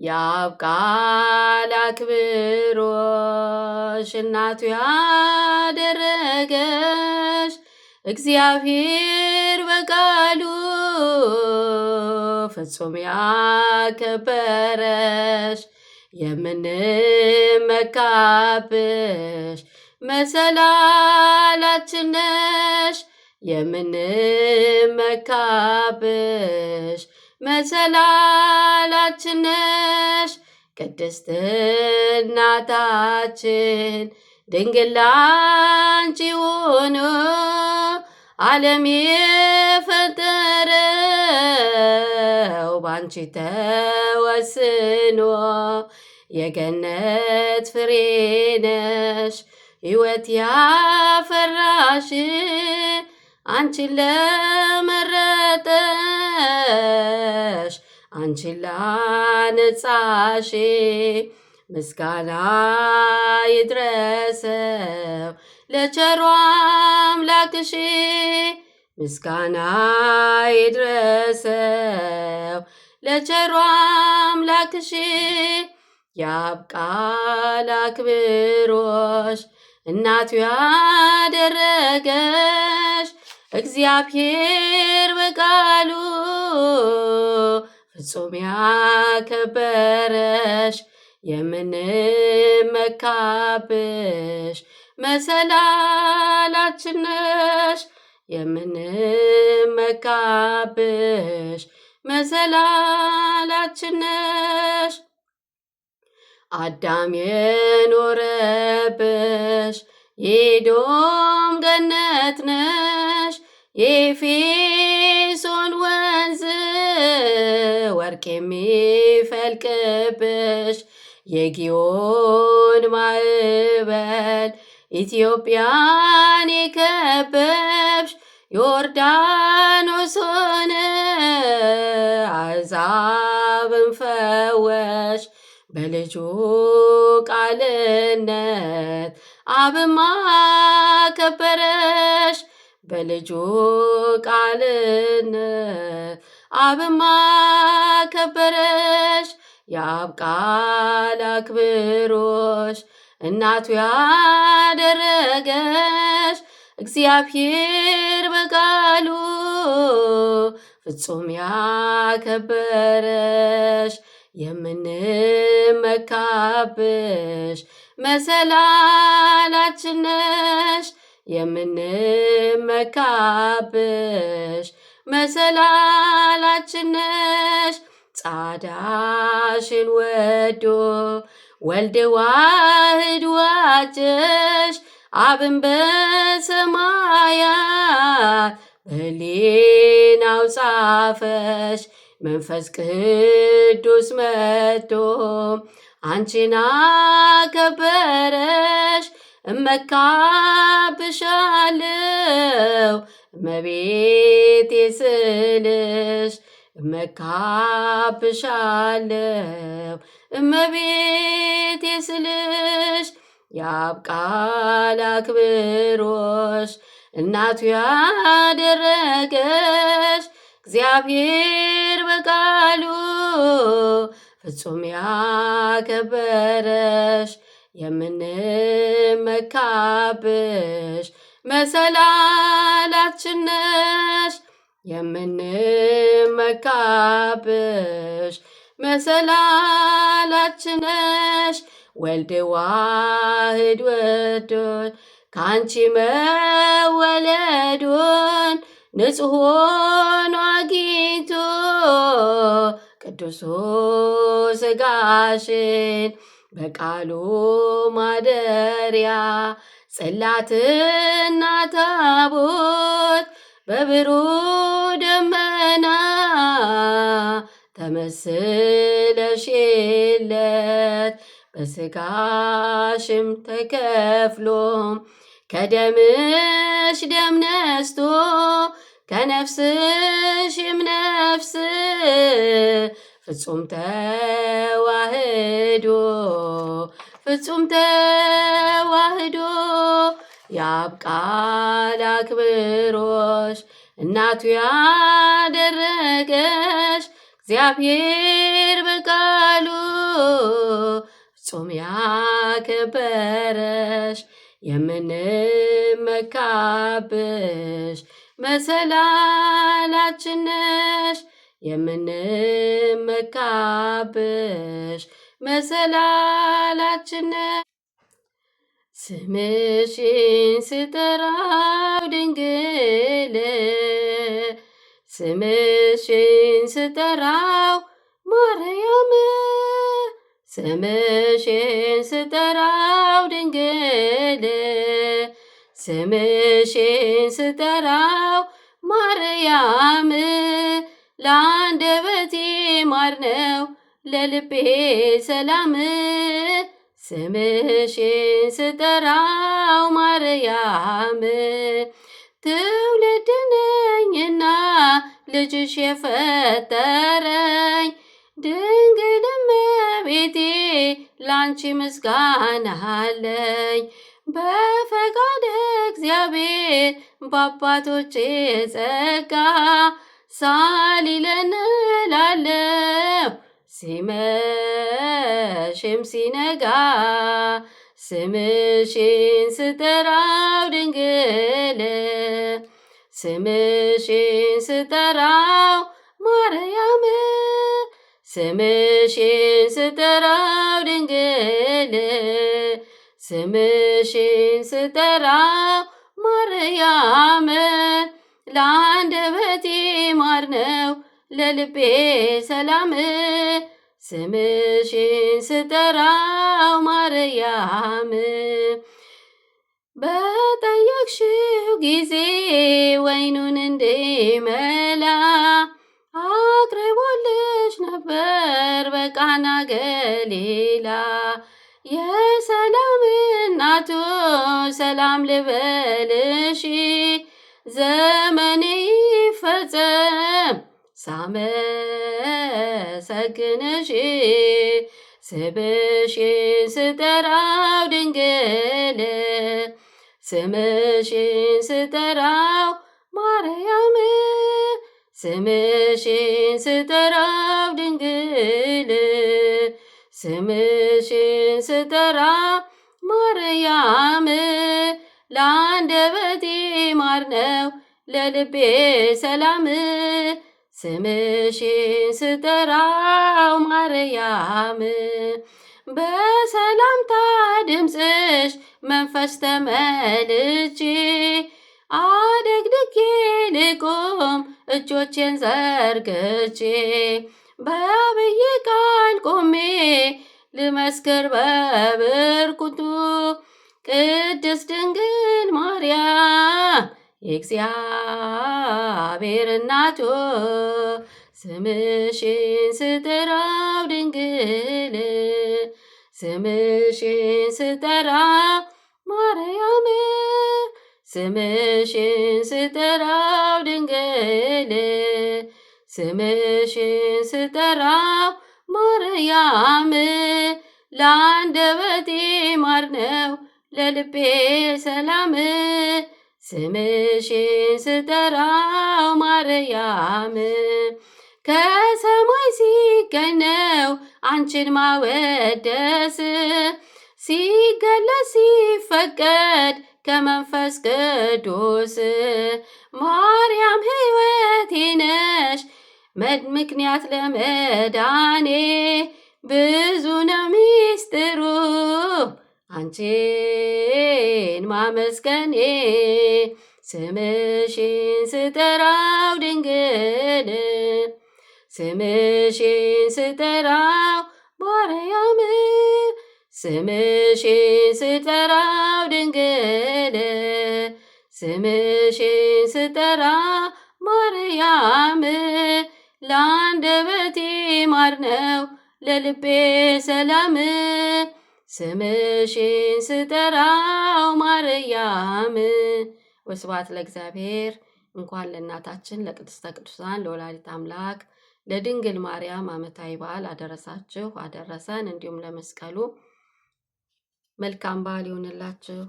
ቃል አክብሮሽ እናቱ ያደረገሽ እግዚአብሔር በቃሉ ፍጹም ያከበረሽ የምንመካብሽ መሰላላችን ነሽ የምንመካብሽ መሰላላችን ነሽ ቅድስት እናታችን ድንግል ላንቺ ሆኖ ዓለም የፈጠረው ባንቺ ተወስኖ የገነት ፍሬ ነሽ ሕይወት ያፈራሽ አንቺን ለመረጠሽ አንቺን ላነጻሽ ምስጋና ይድረሰው ለቸሯ አምላክሽ ምስጋና ይድረሰው ለቸሯ አምላክሽ የአብ ቃል አክብሮሽ እናቱ ያደረገሽ እግዚአብሔር በቃሉ ፍጹም ያከበረሽ የምንመካብሽ መሰላላችን ነሽ የምንመካብሽ መሰላላችን ነሽ። አዳም የኖረብሽ የኤዶም ገነት ነሽ። ኤፌሶን ወንዝ ወርቅ የሚፈልቅብሽ የጊዮን ማዕበል ኢትዮጵያን የከበብሽ ዮርዳኖስን አሕዛብን ፈወሽ በልጁ ቃልነት አብማ ከበረሽ በልጁ ቃልነት አብማ ከበረሽ የአብ ቃል አክብሮሽ እናቱ ያደረገሽ እግዚአብሔር በቃሉ ፍጹም ያከበረሽ የምንመካብሽ መሰላላችን ነሽ። የምንመካብሽ መሰላላችን ነሽ። ጻዳሽን ወዶ ወልድ ዋህድ ዋጀሽ አብን በሰማያት በሊናው ጻፈሽ። መንፈስ ቅዱስ መጥቶ አንቺን አከበረሽ። እመካብሻለው እመቤቴ ስልሽ እመካብሻለው እመቤቴ ስልሽ ያብቃል አክብሮሽ እናቱ ያደረገሽ እግዚአብሔር በቃሉ ፍጹም ያከበረሽ የምንመካብሽ መሰላላችን ነሽ የምንመካብሽ መሰላላችን ነሽ ወልድ ዋህድ ወዶን ከአንቺ መወለዱን ንጹሕ ሆኖ አግኝቶ ቅዱሱ በቃሉ ማደሪያ ጽላትና ታቦት በብሩህ ደመና ተመስለሽለት በስጋሽም ተከፍሎ ከደምሽ ደም ነስቶ ከነፍስሽም ነፍስ ፍጹም ተዋህዶ ፍጹም ተዋህዶ የአብ ቃል አክብሮሽ እናቱ ያደረገሽ እግዚአብሔር በቃሉ ፍጹም ያከበረሽ የምንመካብሽ መሰላላችን ነሽ የምን ካብሽ መሰላላችን ስምሽን ስጠራው ድንግል ስምሽን ስጠራው ማርያም ስምሽን ስጠራው ድንግል ስምሽን ስጠራው ማርያም ማር ነው ለልቤ ሰላም ስምሽን ስጠራው ማርያም ትውልድ ነኝና ልጅሽ የፈጠረኝ ድንግል እመቤቴ ላንቺ ምስጋና አለኝ። በፈቃደ እግዚአብሔር በአባቶቼ ጸጋ ሳሊለን ላለው ሲመሽም ሲነጋ ስምሽን ስጠራው ድንግል ስምሽን ስጠራው ማርያም ስምሽን ስጠራው ድንግል ስምሽን ስጠራው ልቤ ሰላም ስምሽን ስጠራው ማርያም በጠየቅሽው ጊዜ ወይኑን እንድመላ አቅርቦልሽ ነበር በቃና ገሊላ። የሰላም እናቱ ሰላም ልበልሽ ዘመኔ ይፈጸም ሳመሰግንሽ ስምሽን ስጠራው ድንግል ስምሽን ስጠራው ማርያም ስምሽን ስጠራው ድንግል ስምሽን ስጠራው ማርያም ለአንደበቴ ማር ነው ለልቤ ሰላም ስምሽን ስጠራው ማርያም በሰላምታ ድምፅሽ መንፈስ ተመልቼ አደግድጌ ልቁም እጆቼን ዘርግቼ በአብይ ቃል ቆሜ ልመስክር በብርኩቱ ቅድስት ድንግል ማርያም የእግዚአብሔር እናቱ ስምሽን ስጠራው ድንግል ስምሽን ስጠራ ማርያም ስምሽን ስጠራው ድንግል ስምሽን ስጠራ ማርያም ለአንደበቴ ማር ነው ለልቤ ሰላም ስምሽን ስጠራው ማርያም ከሰማይ ሲገነው አንቺን ማወደስ ሲገለጽ ሲፈቀድ ከመንፈስ ቅዱስ ማርያም ሕይወቴ ነሽ መድ ምክንያት ለመዳኔ ብዙ ነው ሚስጥሩ አንቺን ማመስገኔ ስምሽን ስጠራው ድንግል ስምሽን ስጠራው ማርያም ስምሽን ስጠራው ድንግል ስምሽን ስጠራ ማርያም ለአንደበቴ ማር ነው ለልቤ ሰላም ስምሽን ስጠራው ማርያም። ወስብሐት ለእግዚአብሔር። እንኳን ለእናታችን ለቅድስተ ቅዱሳን ለወላዲት አምላክ ለድንግል ማርያም ዓመታዊ በዓል አደረሳችሁ አደረሰን። እንዲሁም ለመስቀሉ መልካም በዓል ይሆንላችሁ።